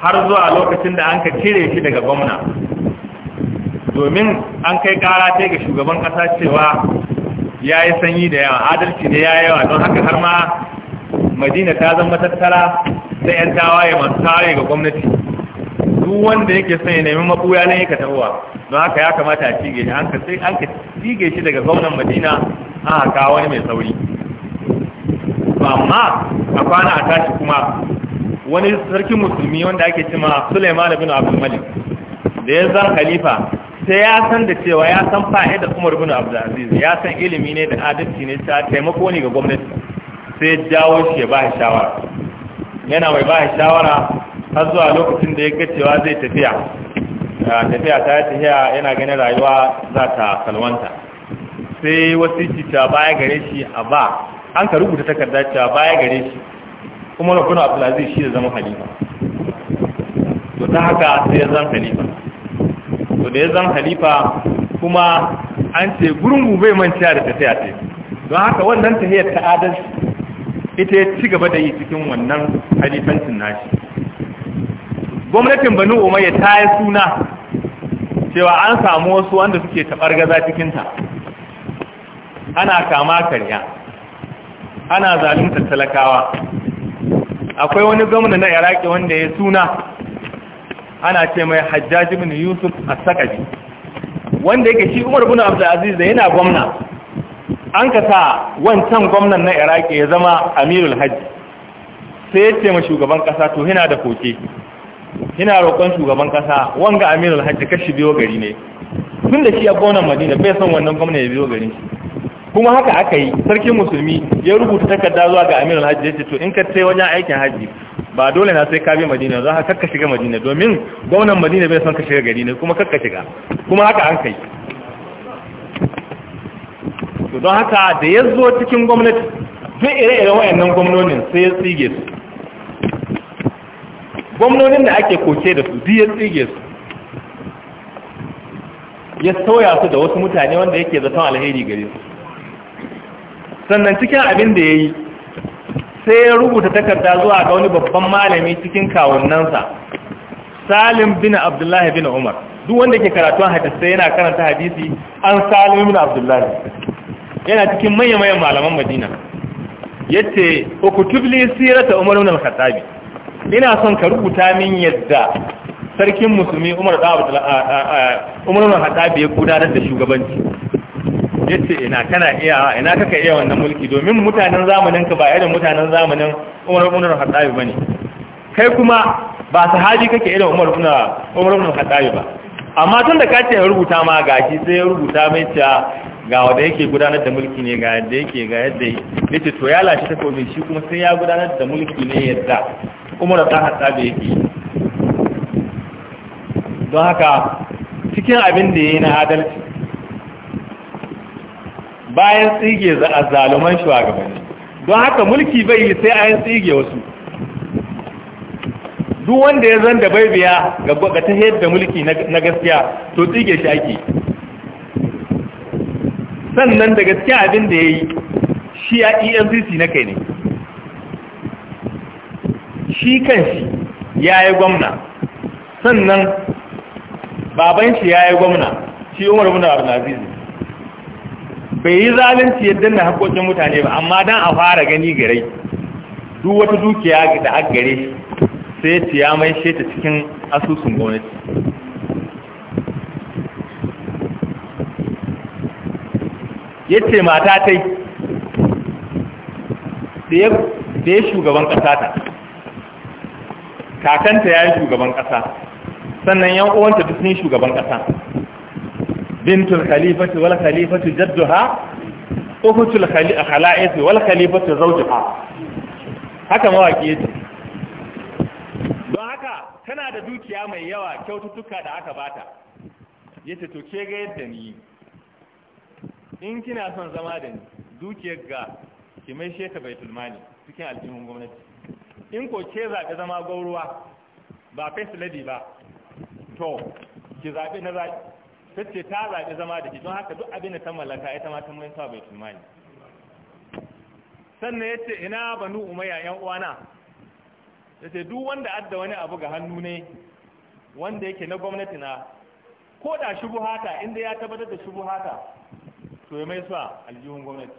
har zuwa lokacin da an ka cire shi daga gwamna domin an kai kara ta ga shugaban kasa cewa ya yi sanyi da yawa adalci ne ya yawa don haka har ma madina ta zama tattara ta 'yan tawaye masu tawaye ga gwamnati duk wanda yake sanya ya nemi mabuya nan yaka tahowa don haka ya kamata a cige shi an ka sai an daga gwamnan madina an haka wani mai sauri ba amma a kwana a tashi kuma wani sarkin musulmi wanda ake cima suleiman bin abdul malik da ya zan khalifa sai ya san da cewa ya san fa'ida Umar bin Abdul Aziz ya san ilimi ne da adalci ne ta taimako ne ga gwamnati sai ya jawo shi ya shi shawara yana mai shi shawara har zuwa lokacin da ya ga cewa zai tafiya ah, tafiya ta tafiya yana ganin rayuwa za ta salwanta sai wasu cewa baya gare shi a ba an ka rubuta takarda cewa baya gare shi kuma na kuna abdulaziz shi da zama halifa to ta haka sai ya zan halifa to da ya zan halifa kuma an ce gurungu bai manciya da tafiya ce don haka wannan ta ta ta'adar ita ya ci gaba da yi cikin wannan halifancin nashi gwamnatin banu umaru ta yi suna cewa an samu wasu wanda suke taɓar gaza cikinta ana kama karya ana zalunta talakawa akwai wani gwamna na iraki wanda ya suna ana ce mai hajjaji yusuf a saqafi wanda yake shi umar bin abdul aziz da yana gwamna an ka sa wancan gwamnan na iraki ya zama amirul hajji sai ya ce ma shugaban kasa to hina da koke hina roƙon shugaban kasa wanga amirul hajji kashi biyo gari ne tun shi ya gwamnan madina bai son wannan gwamna ya biyo gari shi kuma haka aka yi sarki musulmi ya rubuta takarda zuwa ga amirul hajji yace to in ka tai wajen aikin hajji ba dole na sai ka bi madina za ka kakka shiga madina domin gwamnan madina bai son ka shiga gari ne kuma kakka shiga kuma haka an kai to don haka da ya zo cikin gwamnati duk ire ire wayannan gwamnonin sai ya tsige su gwamnonin da ake koke da su duk ya tsige su ya sauya su da wasu mutane wanda yake zaton alheri gare su sannan cikin abin da ya yi sai ya rubuta takarda zuwa ga wani babban malami cikin kawunansa salim bin abdullahi bin umar duk wanda ke karatun hadisai yana karanta hadisi an salim bin abdullahi yana cikin manya-manyan malaman madina yace ukutubli sirata umar bin al-khattabi ina son ka rubuta min yadda sarkin musulmi umar da abdullahi umar bin al-khattabi ya gudanar da shugabanci ya ce ina kana iyawa ina kaka iya wannan mulki domin mutanen zamanin ka ba irin mutanen zamanin umar ibn al-khattabi bane kai kuma ba sahabi kake irin umar ibn umar ibn al ba amma tun da kace ya rubuta ma gashi sai ya rubuta mai cewa ga wanda yake gudanar da mulki ne ga yadda yake ga yadda yace to ya lashe ta kodin shi kuma sai ya gudanar da mulki ne yadda umar ibn al-khattabi yake don haka cikin abin da yayi na adalci bayan tsige zaluman shugabanni don haka mulki bai yi sai an tsige wasu duk wanda ya zan da bai biya ga ta da mulki na gaskiya to tsige shi ake sannan da gaskiya abin da ya yi shi a emcc na kai ne shi kan shi ya yi gwamna sannan baban shi ya yi gwamna shi umar muna na zizi. bai yi zalunci yadda na haƙoƙin mutane ba amma don a fara gani gare duk wata dukiya da aka gare sai ci ya mai sheta cikin asusun gwamnati ya ce mata ta yi da ya shugaban ƙasa ta kakanta ya yi shugaban ƙasa sannan yan uwanta duk sun shugaban ƙasa bintul khalifati wal khalifatu jadduha ukhtul khala'ati wal khalifatu zawjuha haka mawaki yace don haka kana da dukiya mai yawa kyaututtuka da aka bata yace to ke ga yadda ni in kina son zama da ni dukiyar ga ki mai sheka baitul mali cikin aljihun gwamnati in ko ke zaɓi zama gauruwa ba fes ladi ba to ki zaɓi na zaɓi ta ta zaɓi zama da shi don haka duk abin da ta mallaka ita ma ta mai sa bai kimani sannan ya ce ina banu umayya yan uwana ya ce duk wanda adda wani abu ga hannu ne wanda yake na gwamnati na ko da shubuhata inda ya tabbatar da shubuhata to ya mai suwa aljihun gwamnati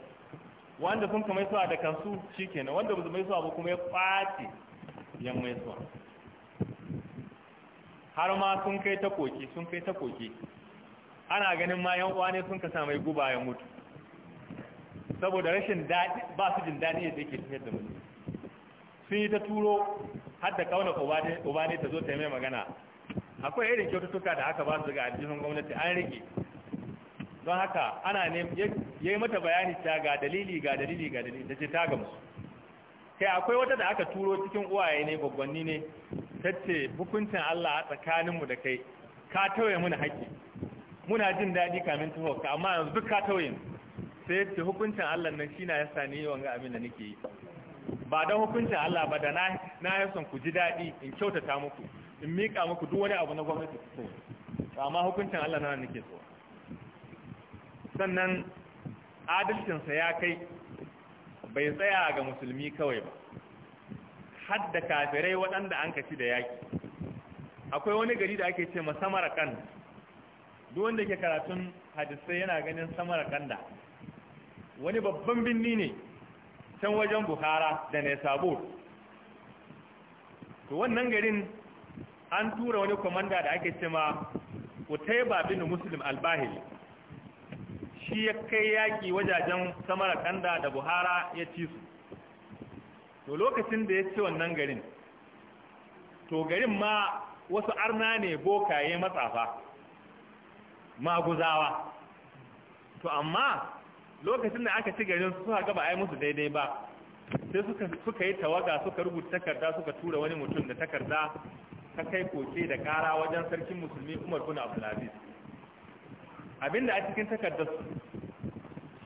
wanda sun ka mai suwa da kansu kenan wanda ba su mai suwa ba kuma ya ɓace ya mai suwa har ma sun kai ta koki sun kai ta koki ana ganin ma yan uwa ne sun kasa mai guba ya mutu saboda rashin daɗi ba su jin daɗi yadda yake tafiyar da mutu sun yi ta turo har da ƙaunar uba ne ta zo ta yi mai magana akwai irin kyaututtuka da aka ba su daga aljihun gwamnati an rike don haka ana ne ya yi mata bayani ta ga dalili ga dalili ga dalili ta ce ta gamsu kai akwai wata da aka turo cikin uwaye ne gwaggwanni ne ta ce hukuncin Allah a tsakaninmu da kai ka tauye mana haƙƙi muna jin daɗi kamin tuhuwarka amma yanzu duk ka tauyin sai ce hukuncin Allah nan shi na yasa ni wanga abin da nake yi ba don hukuncin Allah ba da na na son ku ji daɗi in kyautata muku in miƙa muku duk wani abu na gwamnati ku sai amma hukuncin Allah nan nake so sannan adalcinsa ya kai bai tsaya ga musulmi kawai ba hadda kafirai waɗanda an kaci da yaki akwai wani gari da ake ce masamara kan duk wanda ke karatun hadisai yana ganin samar kanda wani babban binni ne can wajen buhara da nesabur to wannan garin an tura wani kwamanda da ake cima kutaiba bin muslim albahir shi ya kai yaƙi wajajen samar kanda da buhara ya ci su to lokacin da ya ci wannan garin to garin ma wasu arna ne bokaye matsafa maguzawa to amma lokacin da aka ci garin su ga ba a musu daidai ba sai suka suka yi tawaga suka rubuta takarda suka tura wani mutum da takarda ta kai koke da kara wajen sarkin musulmi Umar bin Abdulaziz abinda a cikin takardar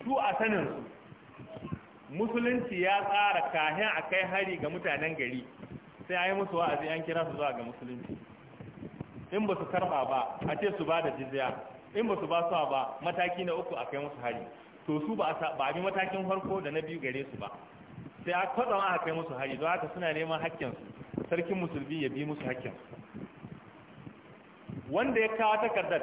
su a sanin su musulunci ya tsara kahin a kai hari ga mutanen gari sai a musu wa'azi an kira su zuwa ga musulunci in ba su karba ba a ce su ba da jizya in ba su ba su ba mataki na uku a kai musu hari to su ba a bi matakin farko da na biyu gare su ba sai a kwatsama a kai musu hari don haka suna neman hakkin sarkin musulmi ya bi musu hakkin wanda ya kawo takardar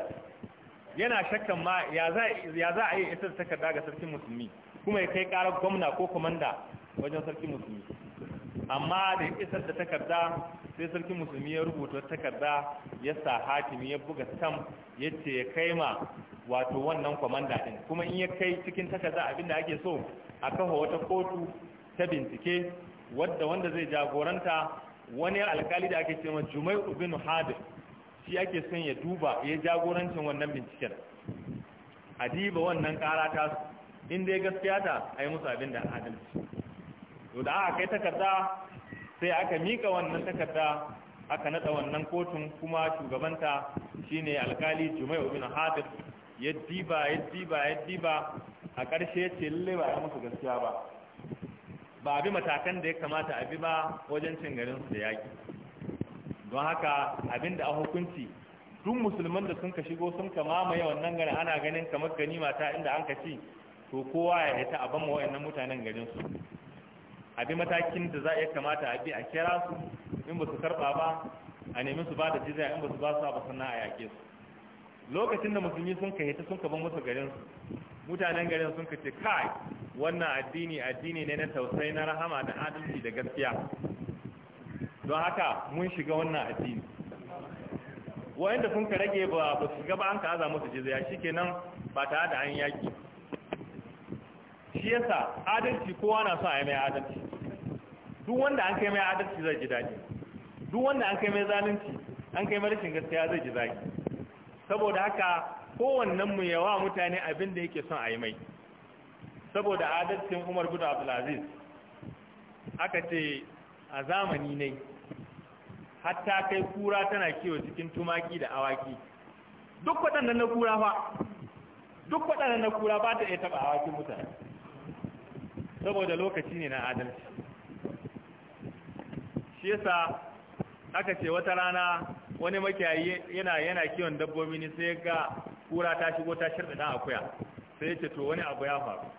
yana shakkan ma ya za a yi isar takarda ga sarkin musulmi kuma ya kai karar gwamna ko kwamanda wajen sarkin musulmi amma da isar da takarda sai sarkin musulmi ya rubuta takarda ya sa hakimi ya buga tam ya ce ya kai ma wato wannan kwamanda ɗin kuma in ya kai cikin takarda abinda ake so a kafa wata kotu ta bincike wadda wanda zai jagoranta wani alkali da ake ce ma jumai ubin hadir shi ake son ya duba ya jagorancin wannan binciken a diba wannan kara ta su inda ya gaskiya ta a yi musu abin da adalci to da aka kai takarda sai aka mika wannan takarda aka nada wannan kotun kuma shugabanta shine alkali Jumai'u bin Hadir ya diba ya diba ya diba a ƙarshe ya ce lalle ba ya musu gaskiya ba ba bi matakan da ya kamata a bi ba wajen cin garin su da yaki don haka abinda a hukunci duk musulman da sun ka shigo sun ka mamaye wannan garin ana ganin kamar gani mata inda an ka ci to kowa ya ta a bamma wayannan mutanen garin su a bi matakin da za a iya kamata a bi a kira su in ba su karɓa ba a nemi su ba da jizya in ba su ba su ba sannan a yaƙe su lokacin da musulmi sun ka hita sun ka ban musu garin su mutanen garin sun ka ce kai wannan addini addini ne na tausayi na rahama da adalci da gaskiya don haka mun shiga wannan addini wa'anda sun ka rage ba ba su gaba an ka aza musu jizya shikenan ba tare da an yaƙi shi yasa adalci kowa na sa a yi mai adalci duk wanda an kai mai adalci zai ji daɗi duk wanda an kai mai zalunci an kai mai rashin gaskiya zai ji zaki saboda haka kowannen mu yawa mutane abin da yake son a yi mai saboda adalcin Umar bin Abdulaziz aka ce a zamani ne hatta kai kura tana kiwo cikin tumaki da awaki duk waɗannan na kura fa duk waɗannan na kura ba ta iya taɓa awakin mutane saboda lokaci ne na adalci shi yasa aka ce wata rana wani makiyayi yana yana kiwon dabbobi ne sai ga kura ta shigo ta shirda dan akuya sai yace ce to wani abu ya faru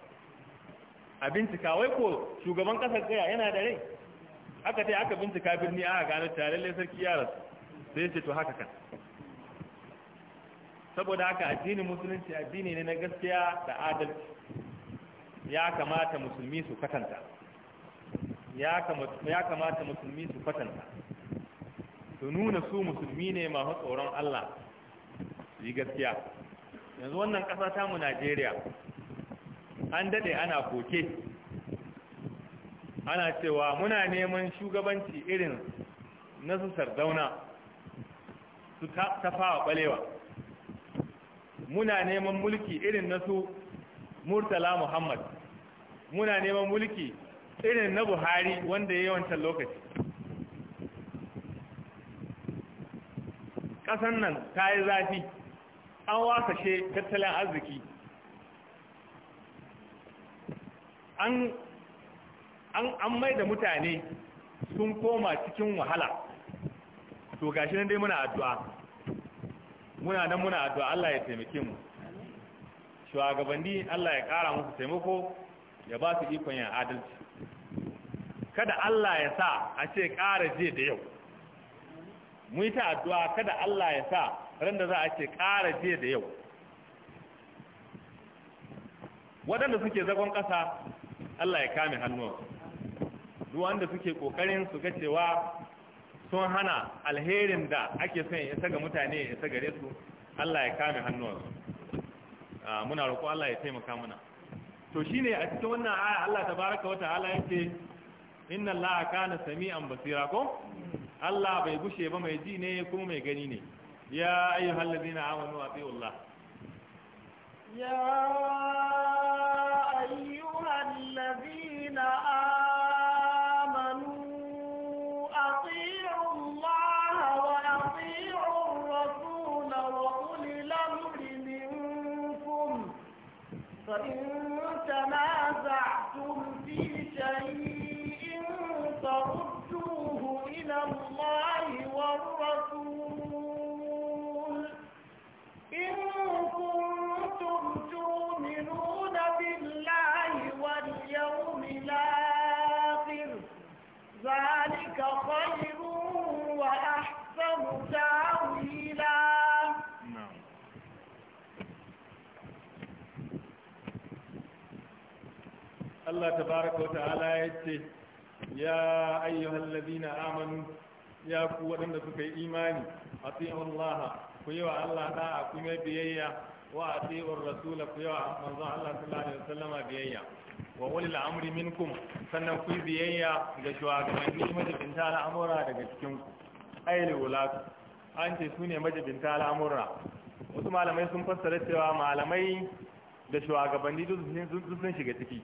a bincika wai ko shugaban kasar kaya yana da rai aka ce aka bincika birni aka gano ta lalle sarki ya rasu sai yace ce to haka kan saboda haka addinin musulunci addini ne na gaskiya da adalci ya kamata musulmi su katanta ya kamata musulmi su kwatanta su nuna su musulmi ne masu tsoron Allah yi gaskiya yanzu wannan ƙasa ta mu Najeriya an daɗe ana koke ana cewa muna neman shugabanci irin na su sardauna su tafawa ɓalewa muna neman mulki irin na su murtala muhammad muna neman mulki irin na buhari wanda ya yi wancan lokaci ƙasan nan ta yi zafi an wasashe tattalin arziki an mai da mutane sun koma cikin wahala to gashi nan dai muna addu'a muna nan muna addu'a Allah ya taimake mu shugabanni Allah ya kara musu taimako ya ba su ikon yin adalci kada Allah ya sa a ce ƙara je da yau mu yi ta addu'a kada Allah ya sa ran da za a ce ƙara je da yau waɗanda suke zagon ƙasa Allah ya kame hannuwa duwanda wanda suke ƙoƙarin su ga cewa sun hana alherin da ake son ya isa ga mutane ya isa gare su Allah ya kame hannuwa ah, muna roƙo Allah ya taimaka muna to shine a cikin wannan aya Allah tabaraka wa ta'ala yake inna allaha kana sami'an basira ko Allah bai gushe ba mai ji ne kuma mai gani ne ya ayyuhal ladina amanu atiullah ya ayyuhal ladina amanu atiullaha wa atiur rasul wa ulil amri minkum fa in tanaza'tum fi shay'in Allah ta tabaraka wa ta'ala ya ce ya ayyuhal ladina amanu ya ku waɗanda suka yi imani atiyu Allah ku yi wa Allah da'a ku mai biyayya wa atiyu rasula ku yi wa manzo Allah sallallahu alaihi wasallam biyayya wa ulil amri minkum sannan ku yi biyayya ga shugabanni majibinta al'amura daga cikin ku ayyul wulat an ce su ne majibinta al'amura wasu malamai sun fassara cewa malamai da shugabanni duk sun shiga ciki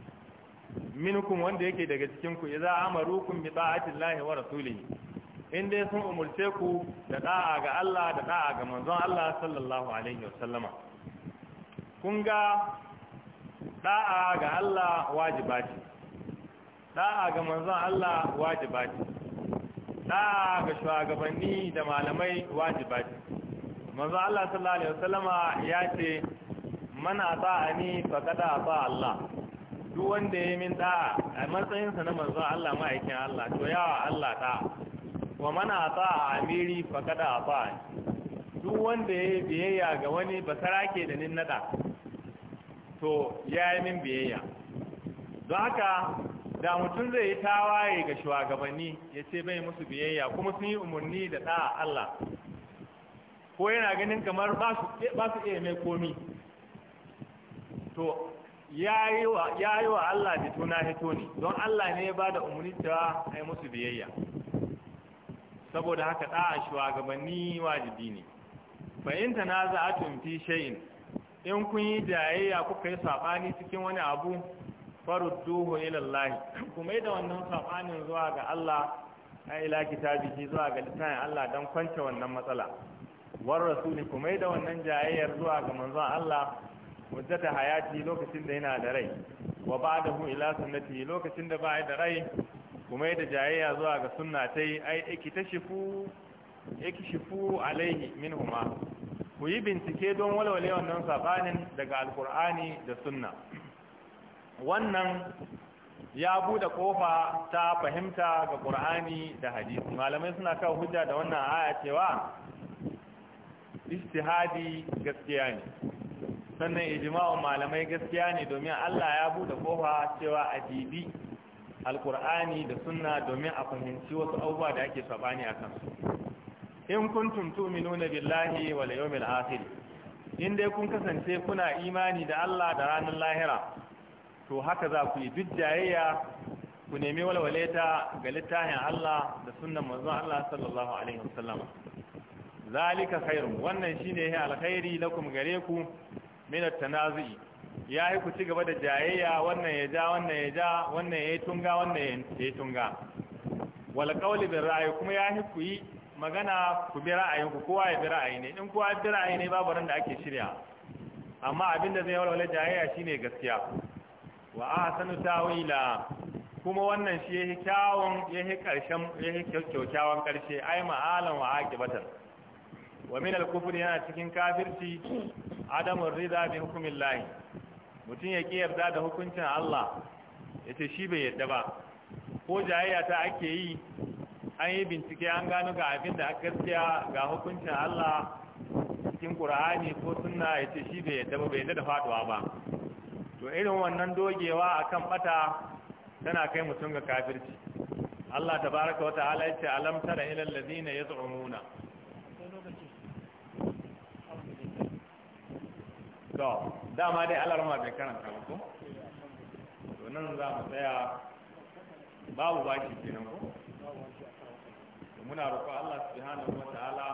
minkum wanda yake daga cikin ku idza amarukum bi ta'atillahi wa rasulihi in dai sun umurce ku da da'a ga Allah da da'a ga manzon Allah sallallahu alaihi wasallama kun ga da'a ga Allah wajiba ce da'a ga manzon Allah wajiba ce da'a ga shugabanni da malamai wajiba ce manzon Allah sallallahu alaihi wasallama ya ce man ata'ani faqad ata'a Allah duk wanda ya min da'a a matsayinsa na manzo Allah ma'aikin Allah to yawa Allah ta wa mana ta amiri faqad afa duk wanda ya biyayya ga wani basarake da nin nada to ya yi min biyayya don haka da mutum zai yi tawaye ga shugabanni ya ce bai musu biyayya kuma sun yi umarni da ɗa Allah ko yana ganin kamar ba su iya mai komi to ya yi wa Allah fito na hito ne don Allah ne ya ba da umarni ai musu biyayya saboda haka ɗa'a shugabanni wajibi ne Fahimta na za a tumfi shayin in kun yi jayayya kuka yi saɓani cikin wani abu farudduhu ilallahi kuma da wannan saɓanin zuwa ga Allah a ila shi zuwa ga littafin Allah don kwance wannan matsala war rasuli kuma da wannan jayayyar zuwa ga manzon Allah muddata hayati lokacin da yana da rai wa hu ila sunnati lokacin da ba da rai kuma da jayayya zuwa ga sunna tai ai iki shifu alaihi minhuma ku yi bincike don walwale wannan sabanin daga alkur'ani da sunna wannan ya bude kofa ta fahimta ga qur'ani da hadisi malamai suna kawo hujja da wannan aya cewa istihadi gaskiya ne sannan ijma'un malamai gaskiya ne domin Allah ya bude kofa cewa a dibi alkur'ani da sunna domin a fahimci wasu abubuwa da ake sabani akan su in kuntum tu'minuna billahi wal yawmil akhir in dai kun kasance kuna imani da Allah da ranar lahira to haka za ku yi duk jayayya ku nemi walwaleta ga littafin Allah da sunnan manzon Allah sallallahu alaihi wasallam zalika khairun wannan shine alkhairi lakum gare ku min tanazu'i Ya yi ku ci gaba da jayayya wannan ya ja wannan ya ja wannan ya tunga wannan ya tunga wal qawli bil ra'yi kuma yi ku yi magana ku bi ra'ayin kowa ya bi ra'ayi ne in kowa ya bi ra'ayi ne babu ran da ake shirya amma abin abinda zai walwala jayayya shine gaskiya wa ahsanu tawila kuma wannan shi yake kyawun yake karshen yake kyakkyawan karshe ai ma'alan wa aqibatan wa min al-kufri yana cikin kafirci adamun rida bi hukumin layi mutum ya ƙi yarda da hukuncin Allah ya ce shi bai yarda ba ko jayayya ta ake yi an yi bincike an gano ga abin da gaskiya ga hukuncin Allah cikin ƙura'ani ko suna ya ce shi bai yarda ba bai yarda da faduwa ba to irin wannan dogewa a kan bata tana kai mutum ga kafirci Allah ta wa ta'ala ya alam tara ilal ladina yaz'umuna to dama dai alarma bai karanta ba ko to nan za mu tsaya babu baki kenan ko muna roƙo Allah subhanahu wa ta'ala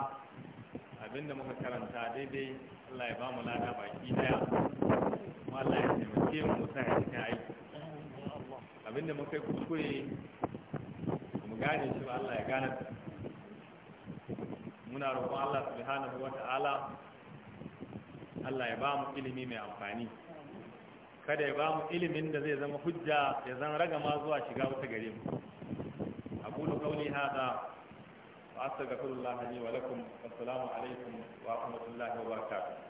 abinda muka karanta daidai Allah ya ba mu lada baki daya kuma Allah ya taimake mu mu tsaya cikin aiki abinda muka yi kuskure mu gane shi ba Allah ya gane muna roƙo Allah subhanahu wa ta'ala Allah ya ba mu ilimi mai amfani kada ya ba mu ilimin da zai zama hujja ya zan raga ma zuwa shiga wata gare mu aqulu qawli hadha wa astaghfirullaha li wa lakum assalamu alaikum wa rahmatullahi wa barakatuh